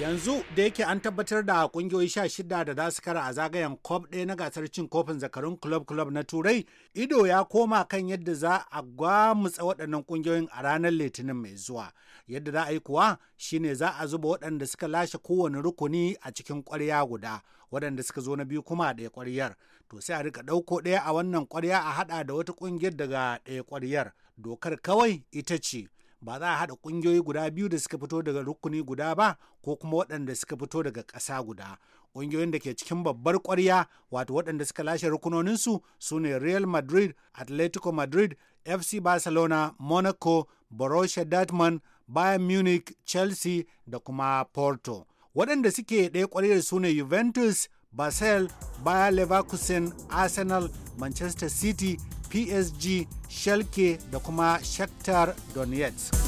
Yanzu da yake an tabbatar da kungiyoyi sha shida da za su kara a zagayen COP ɗaya na gasar cin kofin zakarun club club na Turai, ido ya koma kan yadda za a gwamutsa waɗannan kungiyoyin a ranar Litinin mai zuwa. Yadda za a yi kuwa shine za a zuba waɗanda suka lashe kowane rukuni a cikin ƙwarya guda, waɗanda suka zo na biyu kuma ɗaya ƙwaryar. To sai a rika ɗauko ɗaya a wannan ƙwarya a haɗa da wata ƙungiyar daga ɗaya ƙwaryar. Dokar kawai ita ce ba za a haɗa ƙungiyoyi guda biyu da suka fito daga rukuni guda ba ko kuma waɗanda suka fito daga ƙasa guda ƙungiyoyin da ke cikin babbar ƙwarya wato waɗanda suka lashe rukunoninsu su ne real madrid atletico madrid fc barcelona monaco borussia dortmund bayern munich chelsea da kuma porto waɗanda suke ɗaya ƙwarya su ne juventus basel bayer leverkusen arsenal manchester city psg shalke da kuma shakhtar donetsk